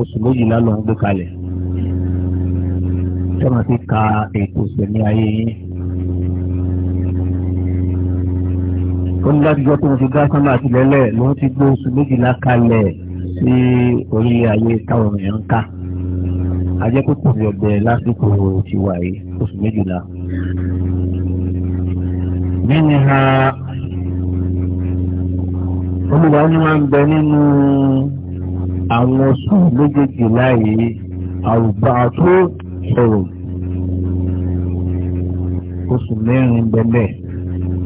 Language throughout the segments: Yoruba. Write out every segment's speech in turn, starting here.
oṣù méjìlá ló ń gbé kalẹ̀ tí wọ́n ti ka ètò ìsẹ̀mí ayé yín. ó ní látijọ́ tó ń fi gásán máa tilẹ̀lẹ̀ ló ń ti gbé oṣù méjìlá kalẹ̀ sí orí ayé táwọn èèyàn ń ká ajẹ́ kó kò fi ọbẹ̀ lásìkò ti wà yìí oṣù méjìlá. nínú ha olùwà ni wọ́n ń bẹ nínú àwọn oṣù méjèèjì láàyè àrùbá tó sọ̀rọ̀ oṣù mẹ́rin bẹ́lẹ̀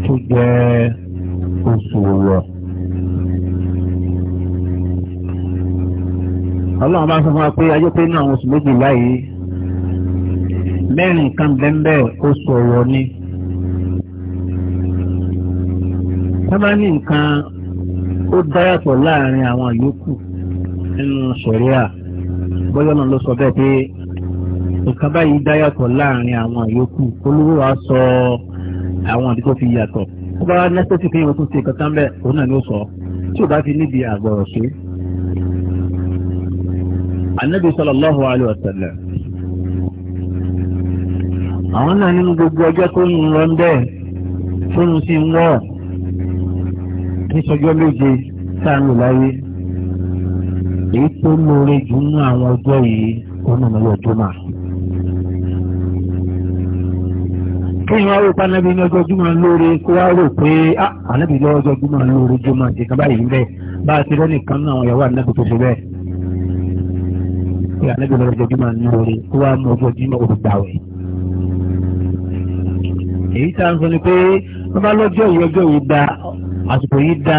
tó jẹ́ oṣù wọ̀. ọlọ́run bá sọ fún wa pé ajé pé ní àwọn oṣù méjì láàyè mẹ́rin kan bẹ́ẹ̀ oṣù ọ̀wọ̀ ni. sábà ní nǹkan ó dáyàtọ̀ láàrin àwọn yòókù nínú ṣẹ̀ríà bóyá náà ló sọ bẹ́ẹ̀ pé nǹkan báyìí dá yàtọ̀ láàrin àwọn yòókù olówó wa sọ àwọn àdúgbò fi yàtọ̀ ó bá nẹ́sẹ̀sì pé ìwọ̀n tún ṣe kankan bẹ́ẹ̀ òun náà ló sọ tí ò bá fi níbi àgbọ̀rọ̀ ṣe. Ànábì sallallahu alaihi wasallam àwọn náà nínú gbogbo ọjọ́ tó ń lọ bẹ́ẹ̀ tó ń sì ń wọ̀ níṣọjọ́ méje sáà ń lò láyé èyí tó lóore jù nínú àwọn ọjọ́ yìí wọn náà lọ́wọ́ jùmọ̀. kéèyàn wá rò pé anábì ní ọjọ́ jùmọ̀ lóore kó wá rò pé anábì ah, lọ́wọ́ ọjọ́ jùmọ̀ lóore jùmọ̀ àti kan báyìí bẹ́ẹ̀ bá a ti rẹ́ nìkan náà àwọn ìyàwó anábì tó ṣe bẹ́ẹ̀. pé anábì lọ́wọ́ ọjọ́ jùmọ̀ lóore kó wá mú ọjọ́ jùmọ̀ olùgbàwẹ̀. èyí tá a sọ ni pé bàbá lọ́jọ́ yìí yìí da àsìkò yìí da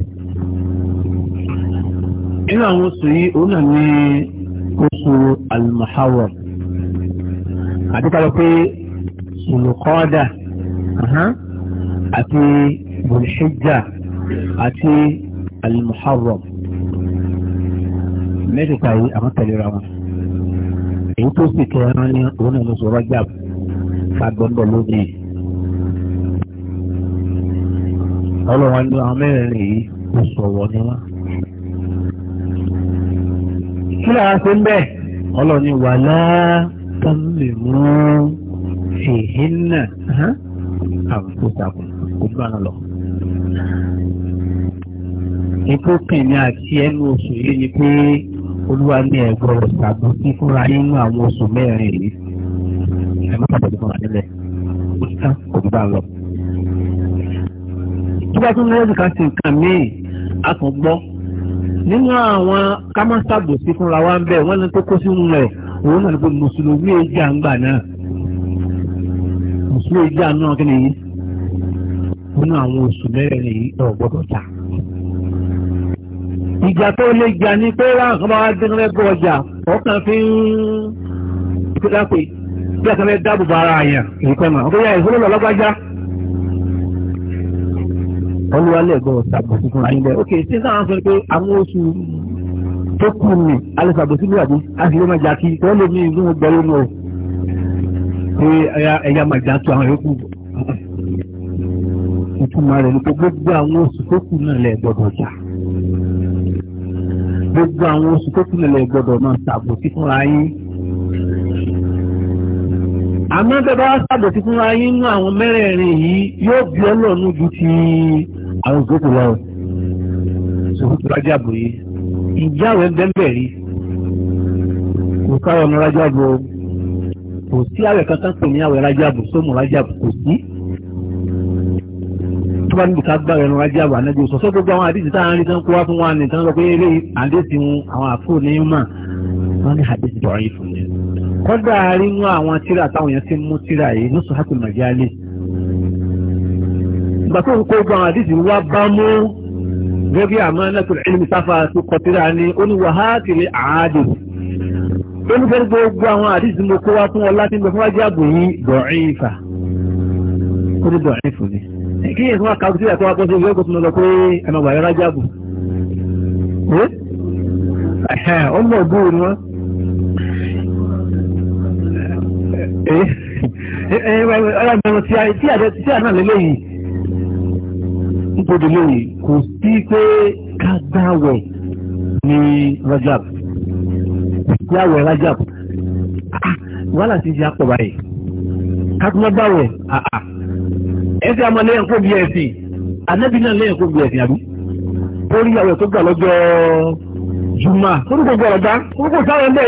inú àwọn oṣù yìí òun náà ní oṣù almahawar àdúgbò pé sulukọ́dà àti bulhijja àti almahawar mẹ́tẹ̀ẹ̀ta yìí àwọn tẹ̀léra wọn èyí tó sì kẹrin ní òun náà lóṣù rajab fagbọ́ndọ̀ lónìí ọlọ́wọ́n ní àwọn mẹ́rin yìí oṣù ọ̀wọ́ ni wọ́n kí lára ṣe ń bẹ̀ ọlọ́ni wà látàlẹ̀mú fìhínà àbúkọ̀tàkùn ojú àná lọ. Ètò kìíní àti ẹnu oṣù yìí ni pé olúwa ní ẹ̀gbọ́n ṣàbùkí fúnra nínú àwọn oṣù mẹ́rin yìí. Ẹ má bàbá ìfọ̀nà nílẹ̀. Ó ti tán kò lọ. Tó bá tún lọ́wọ́ nìkan sí nǹkan míì, a nínú àwọn kámásàgbòsí fúnra wa ń bẹ wọ́n ní tó kó sínú rẹ̀ òun náà ní pé mùsùlùmí ìjà ń gbà náà mùsùlùmí ìjà náà kí nìyí nínú àwọn oṣù mẹ́rẹ̀ nìyí ọ̀gbọ́dọ̀ ta. ìjà tó lè jà ni pé láwọn kan bá wá dé lẹ́gbọ̀ ọjà ọkàn fi ń lápè bí ọkàn fẹ́ dáàbò bá ara àyàn èyí pẹ́ mọ́ ọkọ̀ yà ìfowópamọ́ ọlọ́gbájá olúwalẹ̀ gan ṣàbòsí fún ayé bẹ́ẹ̀ ok ṣé sáà sọ pé àwọn oṣù tó kù ní alẹ́ ṣàbòsí ní àbí àṣìlẹ̀ máa jà kí wọ́n lè ní ìlú gbẹ̀rù nù ọ́ pé ẹ̀yà máa jà tu àwọn yòókù ìtumọ̀ rẹ̀ ni pé gbogbo àwọn oṣù tó kù náà lẹ̀ gbọ́dọ̀ jà gbogbo àwọn oṣù tó kù náà lẹ̀ gbọ́dọ̀ máa ṣàbòsí fún ayé àmọ́ bẹ́ẹ̀ bá ṣàbòsí fún ayé nínú àwọn mẹ́rẹ̀ẹ̀rin yìí yóò bí ọlọ́run ju ti àwọn ìjókòó lọ́rùn sòkòtò rájà bò yìí ìjà rẹ̀ bẹ́ẹ̀ rí kò sáwọn ọmọ rájà bò kò sí àwẹ̀ kankan pè ní àwẹ̀ rájà bò sómù rájà bò kò sí tó bá níbi ká gbára ẹnu rájà bò ànágbé sọ sọ́dọ̀ gbọ́ àwọn àdìsí tá à ń rí tán kó wá fún wa ní tán lọ pé eré àdéhìí àwọn àfò ní mà wọ́n ní àdéhìí dọ̀rọ̀ yìí fún mi kọ́dà rínú àwọn tíra táwọn yẹn ti mú tíra yìí ní sọ́hàtì màjálè ìgbà tó ń kó gbọ́ àdìsí wá bá mú gẹ́gẹ́ àmọ́ sáfà tó kọtíra ní gbogbo àwọn àdìsí mo kó wá fún ọ láti ń fún wájú àgbò yìí ó ní ni kí yẹn fún kàwé sílẹ̀ tó wá gbọ́sọ̀ ìwé ìgbọ́sọ̀ lọ pé ẹ̀mọ wà nítorí lóyìn kò sí pé ká dáwẹ̀ ní Rajab kí àwẹ̀ Rajab ah, wàhálà ti di àpọ̀ báyìí ká tún lọ́ọ́ dáwẹ̀ ah, ah. ẹ̀sìn àmọ́ lẹ́yìn kó bí ẹ̀sìn ànábì náà lẹ́yìn kó bí ẹ̀sìn àbí torí àwẹ̀ tó gbà lọ́jọ́ Jùmọ̀ orúkọ gbọ́dọ̀ dá orúkọ sáwọn ẹ̀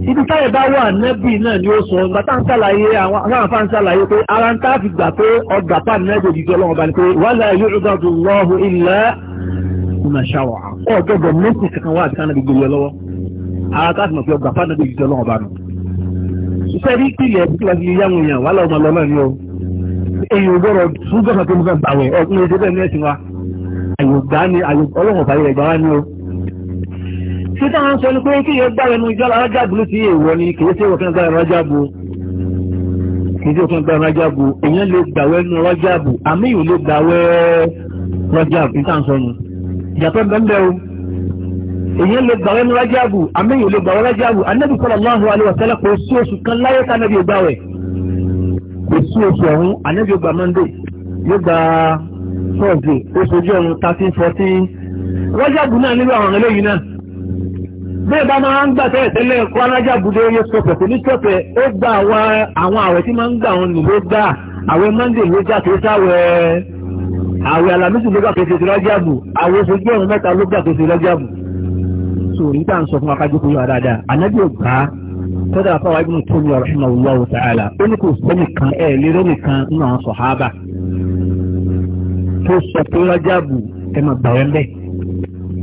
ibi táyà bá wà nẹ́bì náà ni ó sọ ìgbà tá ń sàlàyé àwọn afá ń sàlàyé pé ara ń a fi gbà pé ọgbà pa nẹ́bì ni pé wàhálà yóò dùn lọ́hùn ilẹ̀ ìmọ̀ṣáwà ọ̀gbọ̀gbọ̀ mẹ́sì kankan wà àtìkánná gbogbo yẹn lọ́wọ́ ara tá a fi mọ̀ pé ọgbà iṣẹ́ kílẹ̀ bí kílẹ̀ yáwọn èèyàn wàhálà ọmọ lọ́nà ni ó èèyàn gbọ́dọ̀ fún gbọ́dọ̀ tó mú tí táwọn sọ ní pé kí yẹn gbára ẹnu ìjọ alájábu ló ti èèwọ̀ ni kì í ṣe òfin gbára alájábu kì í ṣe òfin gbára alájábu èèyàn lè gbàwẹ́ ẹnu alájábu àmì ìwò lè gbàwẹ́ alájábu ní táwọn sọ nu ìyàtọ̀ bẹ́ẹ̀ o èèyàn lè gbàwẹ́ ẹnu alájábu àmì ìwò lè gbàwẹ́ alájábu anábì sallallahu alaihi wa sallam kò sí oṣù kan láyé ká anábì gbàwẹ̀ kò sí oṣù ọ̀hún anábì gbà monday yóò gba thursday oṣù náà nílò àwọn eléyìí náà bẹ́ẹ̀ bá máa ń gbà tẹ́lẹ̀ tẹ́lẹ̀ kó alájà budé yẹ sọ̀fẹ̀ kò ní sọ̀fẹ̀ ó gba àwọn àwọn àwẹ̀ tí máa ń gbà wọn nì ló gbà àwẹ̀ mọ́ndé ló gbà kó sáwẹ̀ àwẹ̀ alámísì ló gbà kó ṣèṣe lọ́jà bù àwẹ̀ oṣooṣù ẹ̀rùn mẹ́ta ló gbà kó ṣe lọ́jà bù. sòrí tá à sọ fún akájú kúrò dáadáa ànábì ò gbà á kódà fáwọn ibùdó tó ní ọ̀rọ̀ ṣùgbọ́n Allahu ta'ala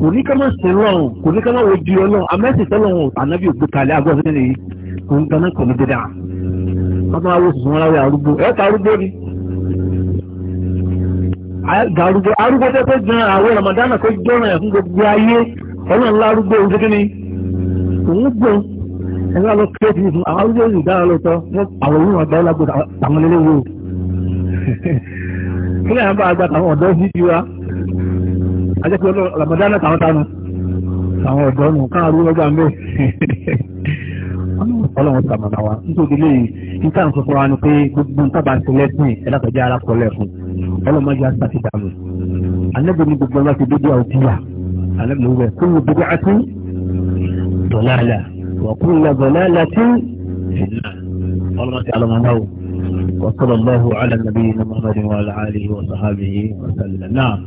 kò ní ká má sin lọ́run kò ní ká má wo di ọlọ́run amẹ́sìn tọ́lọ́run ànábì ògbé kalẹ̀ agbọ́n sí nìyí kò ń ganá kò ní dídá wọ́n tún sùn wọn láwé arúgbó arúgbó ni arúgbó arúgbó tó gan àwọn ramadana tó jọ́ràn ẹ̀ fún gbogbo ayé ọlọ́run lárúgbó ojú kí ni òun lọ àwọn arúgbó yìí dára ajẹ́pẹ́ ọlọ́run Ramadan náà tàwọn tánu àwọn ọ̀dọ́ nù káàrú ọgbà ń bẹ̀ ọlọ́run sàmọ̀nà wa nítorí lè níta ń sọ́kọ́ wa ni pé gbogbo ń tábà ṣe lẹ́sìn ẹ̀dàkọ̀jẹ́ ara kọ lẹ́fún ọlọ́run máa jẹ́ àṣàṣì dànù anábì ní gbogbo ọlọ́run ti dédé àwùjíyà anábì ní wẹ̀ kúrò dédé àti dọ̀láàlà wà kúrò dọ̀láàlà tí ọlọ́run ti alọ́mọ náà وصلى الله على نبينا محمد وعلى اله وصحبه وسلم نعم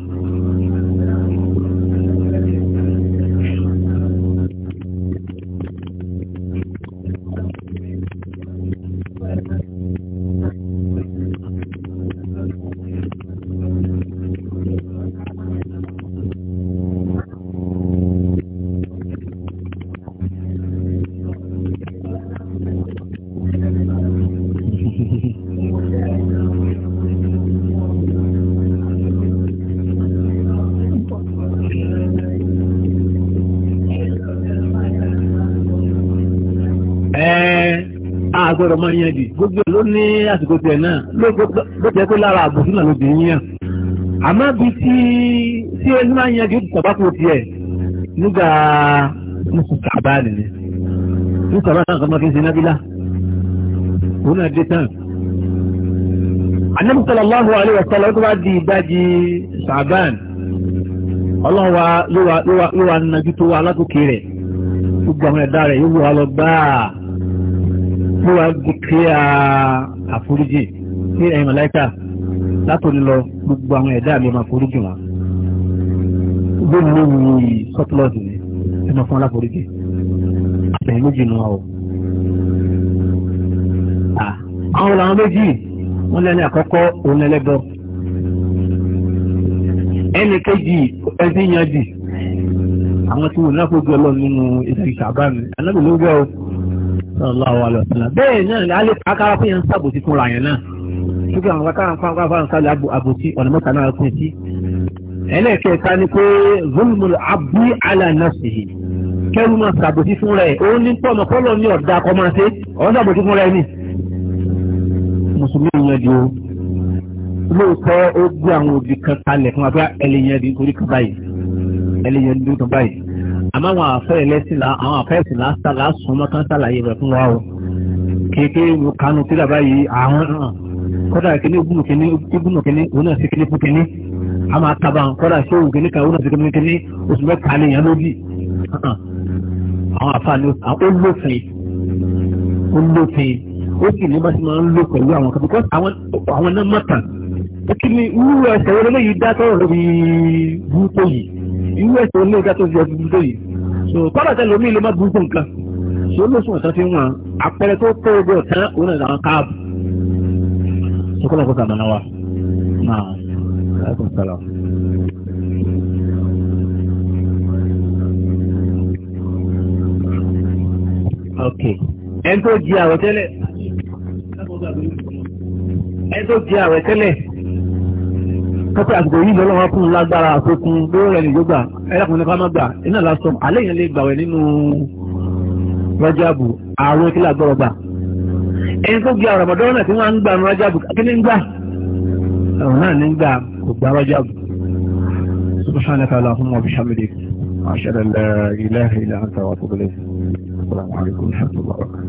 gbọ́dọ̀ máa yan dì gbogbo ló ní àsìkò tiẹ̀ náà ló tẹ́ pé lára àbùsùn náà ló dì í yàn àmọ́ bí tí tí ẹni máa yan dì ó ti tàbákò tiẹ̀ nígbà mùsùn kàbá nìyẹn mùsùn kàbá náà kàmá kí n ṣe nábìlá òun náà dé tán. Ànábì sallallahu alaihi wa sallam tó bá di ìdájí sàbán ọlọ́wà ló wà nàjú tó wà alákòókè rẹ̀ gbogbo àwọn ẹ̀dá rẹ̀ yóò wà lọ ló wá gbé àforíjì ní ẹ̀yìn mọ̀láìkà látòrí lọ gbogbo àwọn ẹ̀dá mi ọmọ àforíjì wọn gbogbo mi ní sọ́túlọ́ọ̀sì ni ẹ máa fún wọn láforíjì àtẹ̀yìn méjì nù ọ́ àwọn làwọn méjì wọn lẹ́ni àkọ́kọ́ òun ẹlẹ́gbọ́ ẹnì kejì ẹbí yanjì àwọn tí wọn náà fojú ọlọ́run nínú ìdàgbàsá bá mi anábìlógbẹ́ o sallallahu alaihi wasallam bẹ́ẹ̀ náà ní alẹ́ akára fún yẹn ń sàbòsí fúnra yẹn náà ṣùgbọ́n àwọn akára fún akára fún akára àbòsí ọ̀nà mẹ́ta náà pín sí. ẹlẹ́kẹ̀ẹ́ta ni pé zulmul abdi ala nafsihi kẹ́rù máa sàbòsí fún rẹ̀ ó ní pọ̀nà pọ́lọ̀ ní ọ̀dà kọ́ máa ṣe ọ̀n sàbòsí fún rẹ̀ ni. mùsùlùmí yẹn di o lóòótọ́ ó gbé àwọn òbí kan kalẹ̀ fún abẹ́ ẹlẹ́yẹn di kan báyìí ẹlẹ́yẹn di kan báyìí àmọ́ àwọn àfẹ́ ẹlẹ́sìn àwọn àfẹ́ ẹ̀sìn lásán mọ́tán sàlàyé rẹ̀ fún wa o kéèké mo kanu tí dàbá yìí àwọn náà kọ́dà kìíní ìgbùnù kìíní ìgbùnù kìíní òun náà sí kìíní fún kìíní a máa taba kọ́dà sí òun kìíní kan òun náà sí kìíní kìíní oṣù mẹ́ta lè yàn lóbi àwọn àfààní olófin olófin ó sì ní bá ti máa ń lò pẹ̀lú àwọn kan because àwọn náà mọ̀tàn ó kí ni irú ẹsẹ̀ wọlé yìí dá tọ́rọ̀ lórí búrúkú yìí irú ẹ̀sẹ̀ ilé ìgbà tó fi ọdún tó yìí so kọ́dà tẹ́lẹ̀ omi ló má burú fún nǹkan so lóṣù ọ̀sán fi wọn àpẹẹrẹ tó tó ogun ọ̀tán òun náà àwọn káàbù sọkọlọ kọta àmàlà wa náà aláìkùn sálà. ok ẹni tó di àwẹ̀ tẹ́lẹ̀ ẹni tó di àwẹ̀ tẹ́lẹ̀ kọ́tẹ́ àsìkò yìí lọ́lọ́wọ́ fún lágbára àfikún lórí ẹni yóò gbà ẹlẹ́kùnrin ká má gbà iná lásán alẹ́ yẹn lè gbàwẹ̀ nínú rájàbù ààrùn kí lágbọ́rọ̀ gbà ẹni tó gba ọ̀rọ̀mọ̀dọ́rọ̀ náà tí wọ́n ń gbà ní rájàbù kí ń gbà ọ̀rọ̀ náà ní ń gbà kò gbà rájàbù